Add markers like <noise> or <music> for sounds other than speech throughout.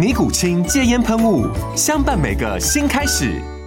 尼古清戒煙噴霧，相伴每個新開始。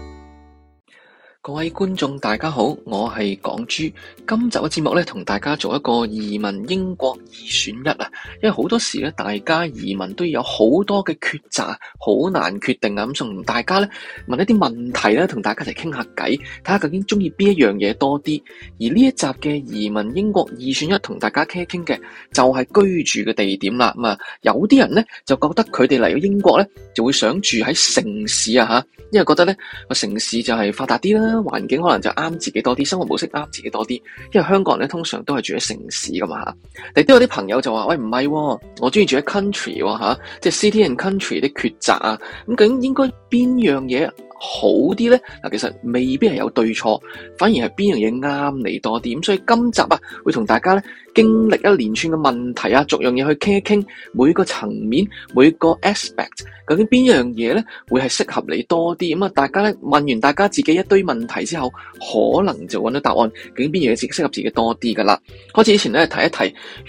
各位觀眾大家好，我係港豬。今集嘅節目咧，同大家做一個移民英國二選一啊，因為好多時咧，大家移民都有好多嘅抉擇，好難決定咁，想同大家咧問一啲問題咧，同大家嚟傾下偈，睇下究竟鍾意邊一樣嘢多啲。而呢一集嘅移民英國二選一，同大家傾一傾嘅就係居住嘅地點啦。咁啊，有啲人咧就覺得佢哋嚟到英國咧，就會想住喺城市啊吓，因為覺得咧個城市就係發達啲啦。環境可能就啱自己多啲，生活模式啱自己多啲，因為香港人咧通常都係住喺城市噶嘛吓，亦都有啲朋友就話喂，唔係、啊，我中意住喺 country 吓、啊，即係 city and country 啲抉擇啊，咁究竟應該邊樣嘢？好啲咧，嗱，其實未必係有對錯，反而係邊樣嘢啱你多啲。咁所以今集啊，會同大家咧經歷一連串嘅問題啊，逐樣嘢去傾一傾，每個層面、每個 aspect，究竟邊樣嘢咧會係適合你多啲？咁啊，大家咧問完大家自己一堆問題之後，可能就搵到答案，究竟邊樣嘢自己適合自己多啲噶啦。開始之前咧，提一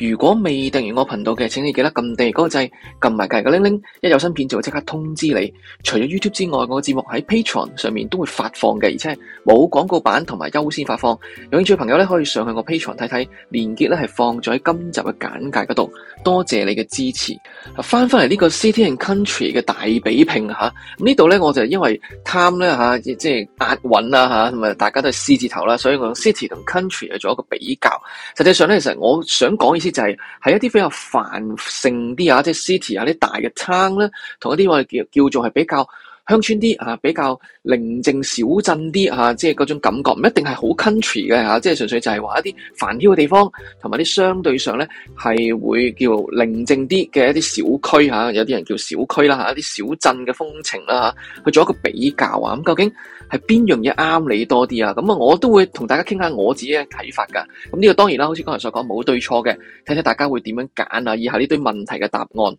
提，如果未訂閱我頻道嘅，請你記得撳訂閱嗰個掣，撳埋隔籬嘅鈴鈴，一有新片就會即刻通知你。除咗 YouTube 之外，我嘅節目喺 P。上上面都會發放嘅，而且冇廣告版同埋優先發放。有興趣嘅朋友咧，可以上去個 Patreon 睇睇，連結咧係放咗喺今集嘅簡介嗰度。多謝你嘅支持。翻返嚟呢個 City and Country 嘅大比拼嚇，啊啊、這裡呢度咧我就因為貪咧嚇，即係押韻啦嚇，咁啊，啊，啊，啊大家都 C 字頭啦，所以我用 City 同 Country 去做一個比較。實際上咧，其實我想講意思就係、是、係一啲比較繁盛啲啊，即係 City 啊啲大嘅 town 咧，同一啲我哋叫叫做係比較。鄉村啲啊，比較寧靜小鎮啲嚇，即係嗰種感覺，唔一定係好 country 嘅嚇，即係純粹就係話一啲繁囂嘅地方，同埋啲相對上咧係會叫寧靜啲嘅一啲小區嚇，有啲人叫小區啦嚇，一啲小鎮嘅風情啦嚇，去做一個比較啊，咁究竟係邊樣嘢啱你多啲啊？咁啊，我都會同大家傾下我自己嘅睇法㗎。咁呢個當然啦，好似剛才所講冇對錯嘅，睇睇大家會點樣揀啊，以下呢堆問題嘅答案。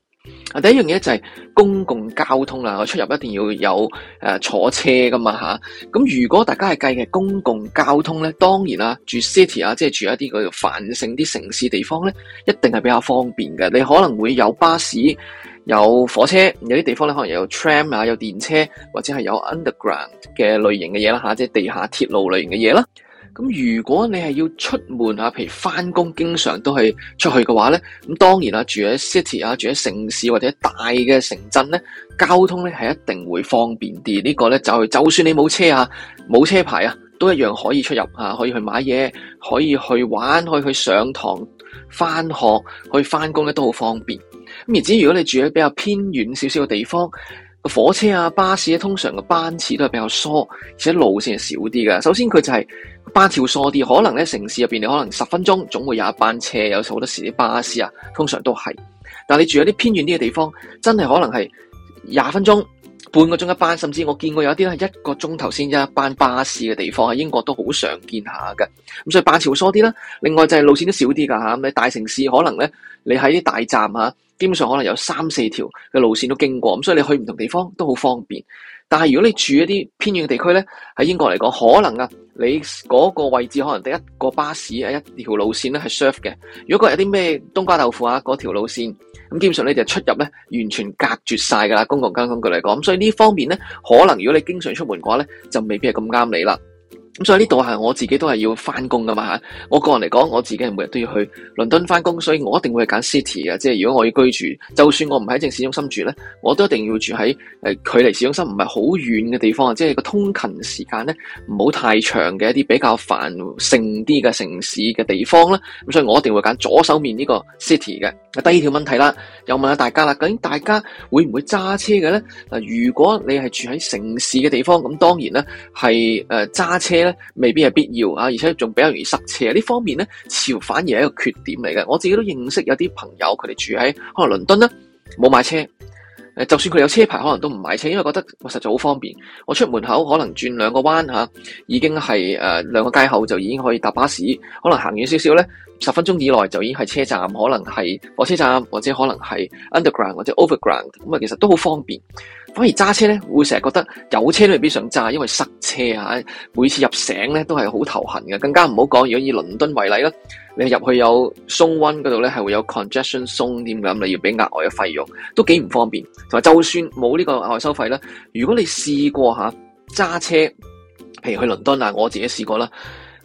啊，第一樣嘢就係公共交通啦，我出入一定要有誒坐車噶嘛吓。咁如果大家係計嘅公共交通咧，當然啦，住 city 啊，即係住一啲叫做繁盛啲城市地方咧，一定係比較方便嘅。你可能會有巴士、有火車，有啲地方咧可能有 tram 啊，有電車或者係有 underground 嘅類型嘅嘢啦吓，即係地下鐵路類型嘅嘢啦。咁如果你係要出門啊，譬如翻工，經常都係出去嘅話咧，咁當然啊，住喺 city 啊，住喺城市或者大嘅城鎮咧，交通咧係一定會方便啲。呢個咧就係、就算你冇車啊，冇車牌啊，都一樣可以出入啊，可以去買嘢，可以去玩，可以去上堂、翻學、去翻工咧都好方便。咁而至如果你住喺比較偏遠少少嘅地方，火車啊、巴士咧、啊，通常個班次都係比較疏，而且路線係少啲嘅。首先佢就係班次疏啲，可能咧城市入邊你可能十分鐘總會有一班車，有好多時啲巴士啊，通常都係。但係你住喺啲偏遠啲嘅地方，真係可能係廿分鐘、半個鐘一班，甚至我見過有一啲咧係一個鐘頭先一班巴士嘅地方，喺英國都好常見下㗎。咁所以班次疏啲啦，另外就係路線都少啲噶吓。咁你大城市可能咧，你喺啲大站吓。基本上可能有三四條嘅路線都經過，咁所以你去唔同地方都好方便。但係如果你住一啲偏遠嘅地區咧，喺英國嚟講可能啊，你嗰個位置可能得一個巴士啊一條路線咧係 serve 嘅。如果佢有啲咩冬瓜豆腐啊，嗰條路線咁基本上咧就出入咧完全隔絕晒噶啦，公共交通工具嚟講。咁所以呢方面咧，可能如果你經常出門嘅話咧，就未必係咁啱你啦。咁所以呢度係我自己都係要翻工噶嘛吓，我個人嚟講我自己係每日都要去倫敦翻工，所以我一定會揀 city 嘅。即係如果我要居住，就算我唔喺正市中心住咧，我都一定要住喺誒距離市中心唔係好遠嘅地方啊！即係個通勤時間，咧唔好太長嘅一啲比較繁盛啲嘅城市嘅地方啦。咁所以我一定會揀左手面呢個 city 嘅。第二條問題啦，又問下大家啦，究竟大家會唔會揸車嘅咧？嗱，如果你係住喺城市嘅地方，咁當然咧係誒揸車。未必係必要啊，而且仲比較容易塞車，呢方面咧，潮反而係一個缺點嚟嘅。我自己都認識有啲朋友，佢哋住喺可能倫敦啦，冇買車。就算佢有車牌，可能都唔買車，因為覺得我實在好方便。我出門口可能轉兩個彎吓，已經係誒、呃、兩個街口就已經可以搭巴士。可能行遠少少呢，十分鐘以內就已經係車站，可能係火車站或者可能係 Underground 或者 Overground 咁啊，其實都好方便。反而揸車咧，會成日覺得有車都未必想揸，因為塞車啊！每次入城咧都係好頭痕嘅，更加唔好講。如果以倫敦為例啦，你入去有 zone one 嗰度咧，係會有 congestion zone 添咁，你要俾額外嘅費用，都幾唔方便。同埋就算冇呢個額外收費啦，如果你試過吓揸車，譬如去倫敦啊，我自己試過啦，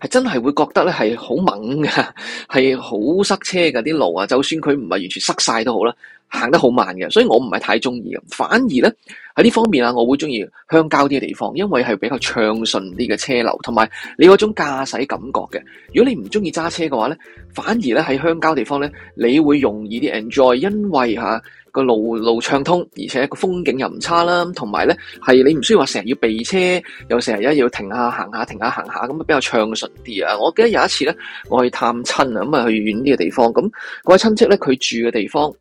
係真係會覺得咧係好猛㗎，係好塞車㗎啲路啊。就算佢唔係完全塞晒都好啦。行得好慢嘅，所以我唔係太中意嘅。反而呢，喺呢方面啊，我會中意鄉郊啲嘅地方，因為係比較暢順啲嘅車流，同埋你嗰種駕駛感覺嘅。如果你唔中意揸車嘅話呢，反而呢，喺鄉郊地方呢，你會容易啲 enjoy，因為吓個、啊、路路暢通，而且個風景又唔差啦，同埋呢，係你唔需要話成日要避車，又成日要停下行下停下行下咁啊，比較暢順啲啊！我記得有一次呢，我去探親啊，咁啊去遠啲嘅地方，咁我嘅親戚呢，佢住嘅地方。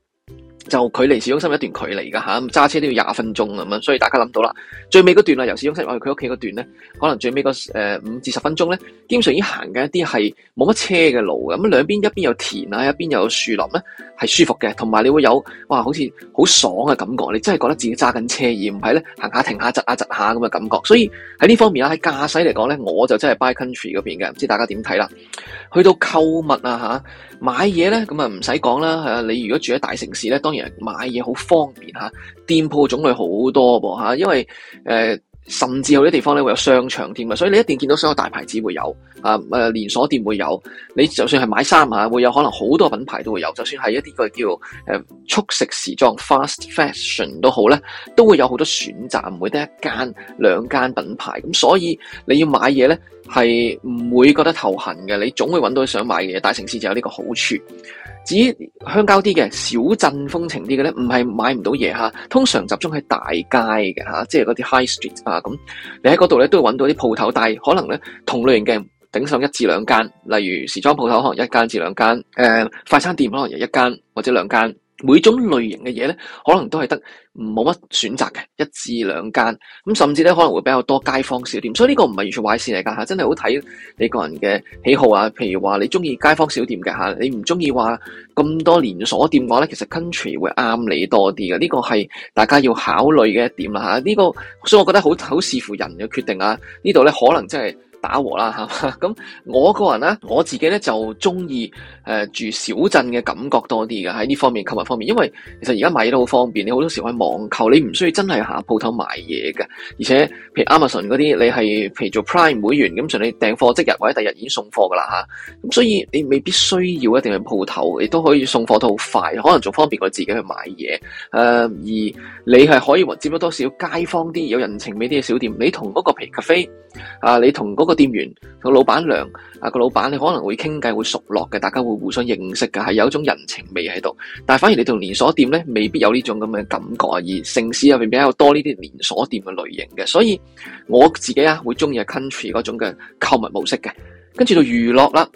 就距離市中心一段距離㗎吓，揸車都要廿分鐘咁樣，所以大家諗到啦，最尾嗰段啊，由市中心去佢屋企嗰段咧，可能最尾個五至十分鐘咧，基本上已經行緊一啲係冇乜車嘅路嘅，咁兩邊一邊有田啊，一邊有樹林咧，係舒服嘅，同埋你會有哇，好似好爽嘅感覺，你真係覺得自己揸緊車而唔係咧行下停下窒下窒下咁嘅感覺，所以喺呢方面啊，喺駕駛嚟講咧，我就真係 buy country 嗰邊嘅，唔知大家點睇啦？去到購物啊吓買嘢咧咁啊，唔使講啦，你如果住喺大城市咧，當然。買嘢好方便吓，店鋪種類好多噃吓，因為誒、呃，甚至有啲地方咧會有商場添啊，所以你一定見到所有大牌子會有啊，誒、啊，連鎖店會有，你就算係買衫啊，會有可能好多品牌都會有，就算係一啲個叫誒速食時裝 fast fashion 都好咧，都會有好多選擇，唔會得一間兩間品牌，咁所以你要買嘢咧。係唔會覺得頭痕嘅，你總會揾到你想買嘅嘢。大城市就有呢個好處。至於鄉郊啲嘅、小鎮風情啲嘅咧，唔係買唔到嘢吓，通常集中喺大街嘅吓，即係嗰啲 high street 啊咁。你喺嗰度咧都會揾到啲鋪頭，但係可能咧同類型嘅頂上一至兩間，例如時裝鋪頭可能一間至兩間，誒、嗯、快餐店可能有一間或者兩間。每種類型嘅嘢咧，可能都係得冇乜選擇嘅，一至兩間咁，甚至咧可能會比較多街坊小店，所以呢個唔係完全壞事嚟噶嚇，真係好睇你個人嘅喜好啊。譬如話你中意街坊小店嘅嚇，你唔中意話咁多連鎖店嘅咧，其實 country 會啱你多啲嘅，呢個係大家要考慮嘅一點啦嚇。呢個所以我覺得好好視乎人嘅決定啊。呢度咧可能真係，打和啦吓，咁我個人咧，我自己咧就鍾意誒，住小鎮嘅感覺多啲嘅。喺呢方面購物方面，因為其實而家買嘢都好方便，你好多時可以網購，你唔需要真係下鋪頭買嘢嘅，而且譬如 Amazon 嗰啲，你係譬如做 Prime 會員咁，就你訂貨即日或者第二日已經送貨噶啦吓，咁，所以你未必需要一定去鋪頭，亦都可以送貨都好快，可能仲方便過自己去買嘢。誒、呃，而你係可以接咗多少街坊啲有人情味啲嘅小店，你同嗰個皮咖啡啊，你同嗰。個店員、個老闆娘啊、個老闆，你可能會傾偈、會熟絡嘅，大家會互相認識嘅，係有一種人情味喺度。但係反而你同連鎖店呢未必有呢種咁嘅感覺。而城市入便比較多呢啲連鎖店嘅類型嘅，所以我自己啊，會中意啊 country 嗰種嘅購物模式嘅。跟住到娛樂啦，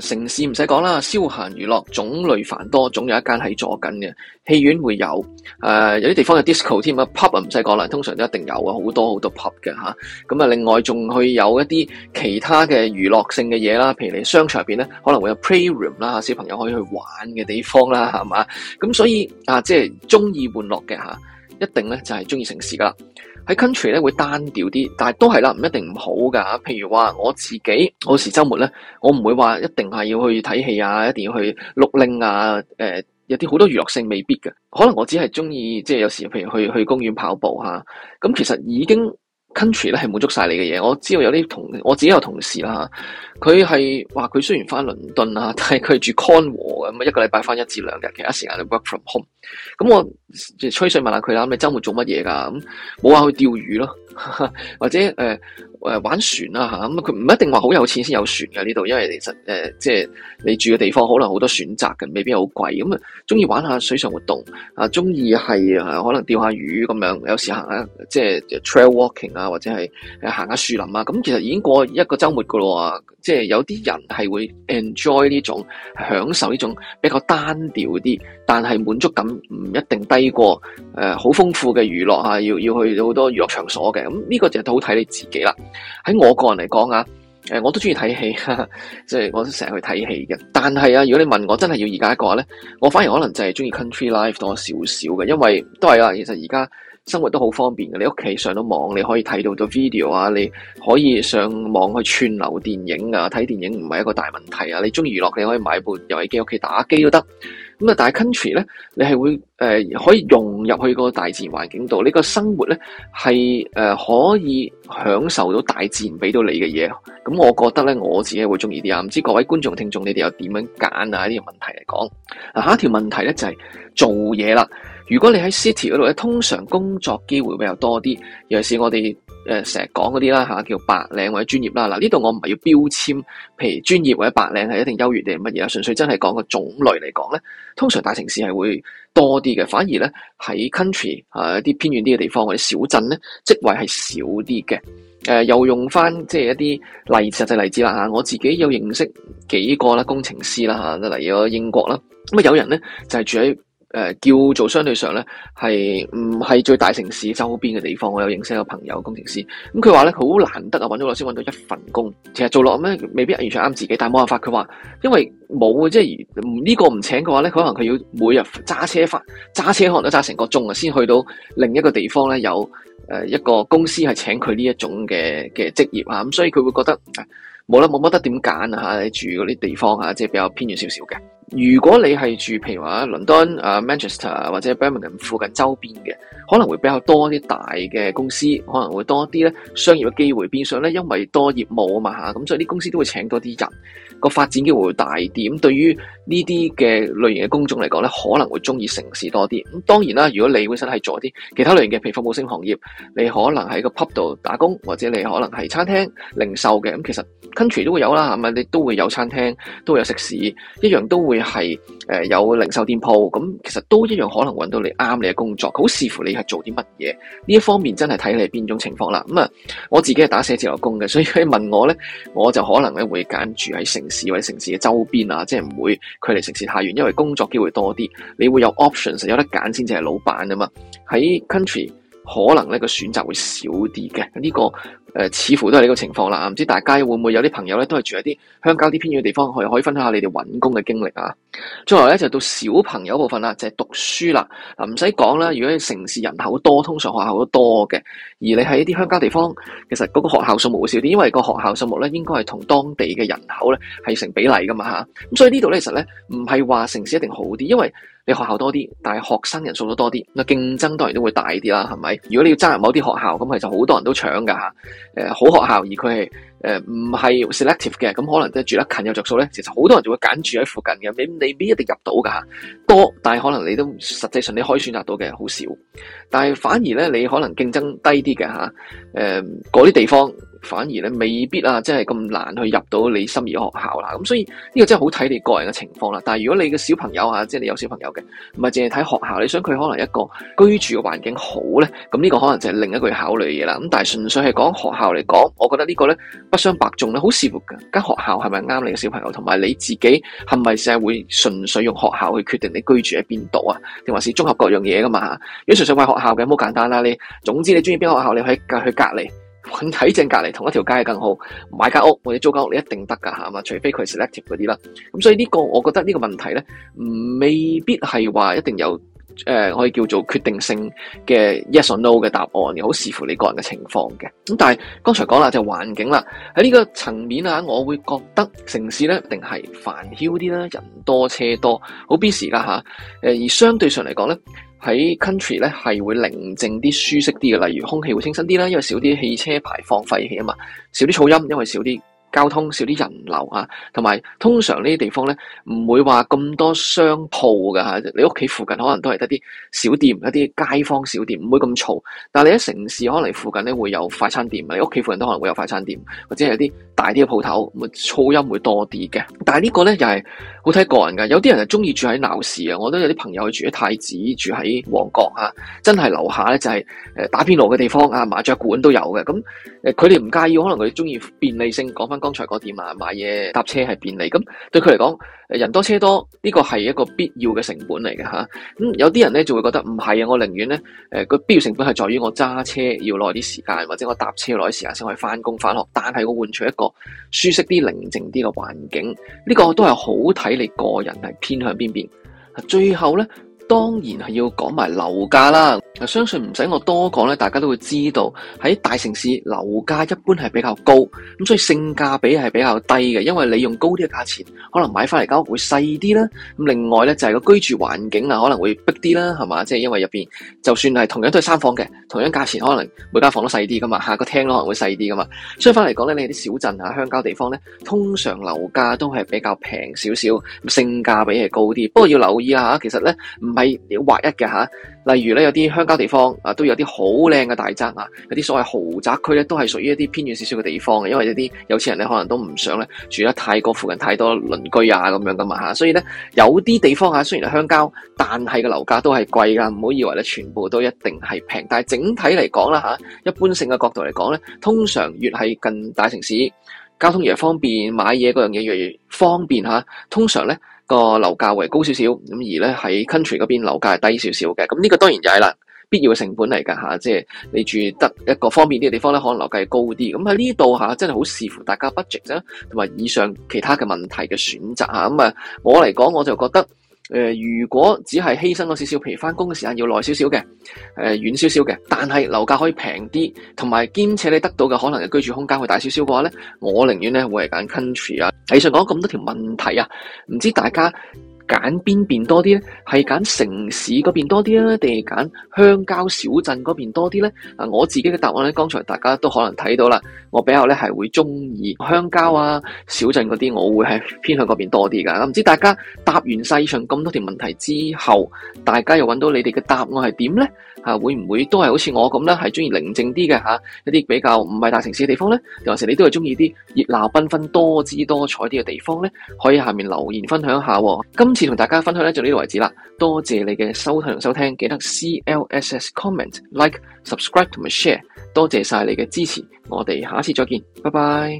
城市唔使講啦，消閒娛樂種類繁多，總有一間喺左近嘅戲院會有，誒、呃、有啲地方有 disco 添啊，pub 啊唔使講啦，通常都一定有啊，好多好多 pub 嘅吓咁啊，另外仲去有一啲其他嘅娛樂性嘅嘢啦，譬如你商場入邊咧，可能會有 playroom 啦、啊，小朋友可以去玩嘅地方啦，係嘛？咁所以啊，即係中意玩樂嘅吓一定咧就係中意城市噶啦，喺 country 咧會單調啲，但係都係啦，唔一定唔好噶。譬如話我自己，我有時周末咧，我唔會話一定係要去睇戲啊，一定要去錄令啊，誒、呃，有啲好多娛樂性未必㗎。可能我只係中意即係有時，譬如去去,去公園跑步吓，咁其實已經。country 咧係滿足晒你嘅嘢，我知道有啲同我自己有同事啦，佢係話佢雖然翻倫敦啊，但係佢住康和嘅，咁一個禮拜翻一至兩日，其他時間就 work from home。咁我吹水問下佢啦，咁你周末做乜嘢㗎？咁冇話去釣魚咯。 <laughs> 或者誒、呃、玩船啦，咁佢唔一定話好有錢先有船嘅，呢度，因為其實即係、呃就是、你住嘅地方可能好多選擇嘅，未必好貴。咁、嗯、啊，鍾意玩下水上活動啊，鍾意係啊可能釣下魚咁樣，有時行下即係、就是、trail walking 啊，或者係、啊、行下樹林啊。咁、嗯、其實已經過一個週末㗎喇喎，即、就、係、是、有啲人係會 enjoy 呢種享受呢種比較單調啲。但係滿足感唔一定低過誒，好、呃、豐富嘅娛樂、啊、要要去好多娛樂場所嘅。咁呢個就係好睇你自己啦。喺我個人嚟講啊，我都中意睇戲，即係我都成日去睇戲嘅。但係啊，如果你問我，我真係要而家一個話呢，我反而可能就係中意 country life 多少少嘅，因為都係啦。其實而家生活都好方便嘅，你屋企上到網你可以睇到咗 video 啊，你可以上網去串流電影啊，睇電影唔係一個大問題啊。你中意娛樂你可以買部遊戲機屋企打機都得。咁啊，但係 country 咧，你係會誒、呃、可以融入去個大自然環境度，你個生活咧係誒可以享受到大自然俾到你嘅嘢。咁我覺得咧，我自己會中意啲啊，唔知各位觀眾聽眾你哋又點樣揀啊？呢條問題嚟講，嗱下一條問題咧就係做嘢啦。如果你喺 city 嗰度咧，通常工作機會比較多啲，尤其是我哋。誒成日講嗰啲啦嚇，叫白領或者專業啦。嗱呢度我唔係要標籤，譬如專業或者白領係一定優越定係乜嘢啊？純粹真係講個種類嚟講咧，通常大城市係會多啲嘅，反而咧喺 country 啊一啲偏遠啲嘅地方或者小鎮咧，職位係少啲嘅。誒又用翻即係一啲例實際例子啦，就是，我自己有認識幾個啦工程師啦嚇，都嚟咗英國啦。咁啊有人咧就係住喺。誒叫做相對上咧，係唔係最大城市周邊嘅地方？我有認識一個朋友工程師，咁佢話咧好難得啊，搵咗老師搵到一份工，其實做落咧未必完全啱自己，但係冇辦法。佢話因為冇啊，即係呢個唔請嘅話咧，佢可能佢要每日揸車返，揸車可能都揸成個鐘啊，先去到另一個地方咧有誒一個公司係請佢呢一種嘅嘅職業啊，咁、嗯、所以佢會覺得冇啦冇乜得點揀啊？你住嗰啲地方啊即係比較偏遠少少嘅。如果你係住譬如話啊倫敦啊 Manchester 或者 Birmingham 附近周邊嘅，可能會比較多啲大嘅公司，可能會多啲咧商業嘅機會。變相咧，因為多業務嘛啊嘛咁、嗯、所以啲公司都會請多啲人，個發展機會會大啲。咁、嗯、對於呢啲嘅類型嘅工種嚟講咧，可能會鍾意城市多啲。咁、嗯、當然啦，如果你本身係做啲其他類型嘅，譬如服務性行業，你可能喺個 pub 度打工，或者你可能係餐廳零售嘅。咁、嗯、其實 country 都會有啦，咁、嗯、係咪？你都會有餐廳，都會有食肆，一樣都會。係誒、呃，有零售店鋪咁，其實都一樣可能揾到你啱你嘅工作，好視乎你係做啲乜嘢呢一方面真係睇你係邊種情況啦。咁、嗯、啊，我自己係打寫字樓工嘅，所以佢問我呢，我就可能咧會揀住喺城市或者城市嘅周邊啊，即係唔會距離城市太遠，因為工作機會多啲，你會有 options 有得揀先至係老闆啊嘛。喺 country 可能呢個選擇會少啲嘅呢個。呃、似乎都係呢個情況啦。唔知大家會唔會有啲朋友呢，都係住喺啲鄉郊啲偏遠嘅地方，可唔可以分享下你哋揾工嘅經歷啊？最後呢，就到小朋友部分啦，就係、是、讀書啦。嗱、啊，唔使講啦，如果城市人口多，通常學校都多嘅。而你喺啲鄉郊地方，其實嗰個學校數目會少啲，因為個學校數目呢應該係同當地嘅人口呢係成比例噶嘛吓，咁、啊、所以呢度呢，其實呢唔係話城市一定好啲，因為你學校多啲，但係學生人數都多啲，咁啊競爭當然都會大啲啦，係咪？如果你要爭入某啲學校，咁係就好多人都搶噶。誒、呃，好學校而佢係誒唔係 selective 嘅，咁可能即係住得近又着數咧。其實好多人就會揀住喺附近嘅，你你未必一定入到噶，多但係可能你都實際上你可以選擇到嘅好少，但係反而咧你可能競爭低啲嘅吓，誒嗰啲地方。反而咧未必啊，即係咁難去入到你心儀嘅學校啦。咁所以呢個真係好睇你個人嘅情況啦。但係如果你嘅小朋友啊，即係你有小朋友嘅，唔係淨係睇學校。你想佢可能一個居住嘅環境好咧，咁呢個可能就係另一句考慮嘢啦。咁但係純粹係講學校嚟講，我覺得呢個咧不相伯仲咧，好視乎間學校係咪啱你嘅小朋友，同埋你自己係咪成日會純粹用學校去決定你居住喺邊度啊？定還是綜合各樣嘢噶嘛？如果純粹為學校嘅，好簡單啦。你總之你中意邊個學校，你喺隔去隔籬。揾正隔離同一條街更好，買間屋或者租間屋你一定得㗎嘛，除非佢係 selective 嗰啲啦。咁所以呢個我覺得呢個問題咧，未必係話一定有。誒、呃、可以叫做決定性嘅 yes or no 嘅答案，又好視乎你個人嘅情況嘅。咁但係剛才講啦，就環境啦，喺呢個層面下，我會覺得城市咧定係煩囂啲啦，人多車多，好 busy 噶嚇。誒，而相對上嚟講咧，喺 country 咧係會寧靜啲、舒適啲嘅，例如空氣會清新啲啦，因為少啲汽車排放廢氣啊嘛，少啲噪音，因為少啲。交通少啲，人流啊，同埋通常呢啲地方呢，唔會話咁多商鋪㗎。你屋企附近可能都係得啲小店，一啲街坊小店，唔會咁嘈。但係你喺城市可能附近呢，會有快餐店，你屋企附近都可能會有快餐店，或者係啲大啲嘅鋪頭，噪音會多啲嘅。但係呢個呢，又係。好睇個人噶，有啲人係中意住喺鬧市啊！我都有啲朋友去住喺太子，住喺旺角啊，真係樓下咧就係誒打邊爐嘅地方啊，麻雀館都有嘅。咁誒，佢哋唔介意，可能佢哋中意便利性。講翻剛才嗰點啊，買嘢搭車係便利。咁對佢嚟講。人多車多呢個係一個必要嘅成本嚟嘅吓，咁、嗯、有啲人呢就會覺得唔係啊，我寧願呢誒個、呃、必要成本係在於我揸車要耐啲時間，或者我搭車耐啲時間先可以返工返學，但係我換取一個舒適啲、寧靜啲嘅環境，呢、這個都係好睇你個人係偏向邊邊。最後呢。當然係要講埋樓價啦，相信唔使我多講咧，大家都會知道喺大城市樓價一般係比較高，咁所以性價比係比較低嘅，因為你用高啲嘅價錢，可能買翻嚟間屋會細啲啦。咁另外咧就係個居住環境啊，可能會逼啲啦，係嘛？即係因為入邊就算係同樣都係三房嘅，同樣價錢，可能每間房都細啲噶嘛，下個廳可能會細啲噶嘛。所以翻嚟講咧，你啲小鎮啊鄉郊地方咧，通常樓價都係比較平少少，性價比係高啲。不過要留意下，其實咧唔係劃一嘅嚇，例如咧有啲鄉郊地方啊，都有啲好靚嘅大宅啊，有啲所謂豪宅區咧，都係屬於一啲偏遠少少嘅地方嘅。因為一啲有錢人咧，可能都唔想咧住得太過附近太多鄰居啊，咁樣噶嘛嚇，所以咧有啲地方嚇，雖然係鄉郊，但係個樓價都係貴噶，唔好以為咧全部都一定係平，但係整體嚟講啦嚇，一般性嘅角度嚟講咧，通常越係近大城市，交通越方便，買嘢嗰樣嘢越嚟越方便嚇，通常咧。個樓價為高少少，咁而咧喺 country 嗰邊樓價係低少少嘅，咁、這、呢個當然就係啦，必要嘅成本嚟㗎吓，即係你住得一個方便啲嘅地方咧，可能樓價係高啲，咁喺呢度吓，真係好視乎大家 budget 啫，同埋以上其他嘅問題嘅選擇吓，咁、嗯、啊，我嚟講我就覺得。誒、呃，如果只係犧牲咗少少，譬如翻工嘅時間要耐少少嘅，誒、呃、遠少少嘅，但係樓價可以平啲，同埋兼且你得到嘅可能嘅居住空間會大少少嘅話咧，我寧願咧會係揀 country 啊。以上講咁多條問題啊，唔知大家，揀邊邊多啲呢？係揀城市嗰邊多啲啊，定係揀鄉郊小鎮嗰邊多啲呢？啊，我自己嘅答案呢，剛才大家都可能睇到啦。我比較呢係會中意鄉郊啊、小鎮嗰啲，我會喺偏向嗰邊多啲㗎。唔知大家答完晒以上咁多條問題之後，大家又揾到你哋嘅答案係點呢？嚇、啊，會唔會都係好似我咁啦，係中意寧靜啲嘅一啲、啊、比較唔係大城市嘅地方呢？還是你都係中意啲熱鬧繽紛、多姿多彩啲嘅地方呢？可以下面留言分享下。今今次同大家分享咧就呢度為止啦，多謝你嘅收睇同收聽，記得 CLSS comment like subscribe and share，多謝晒你嘅支持，我哋下次再見，拜拜。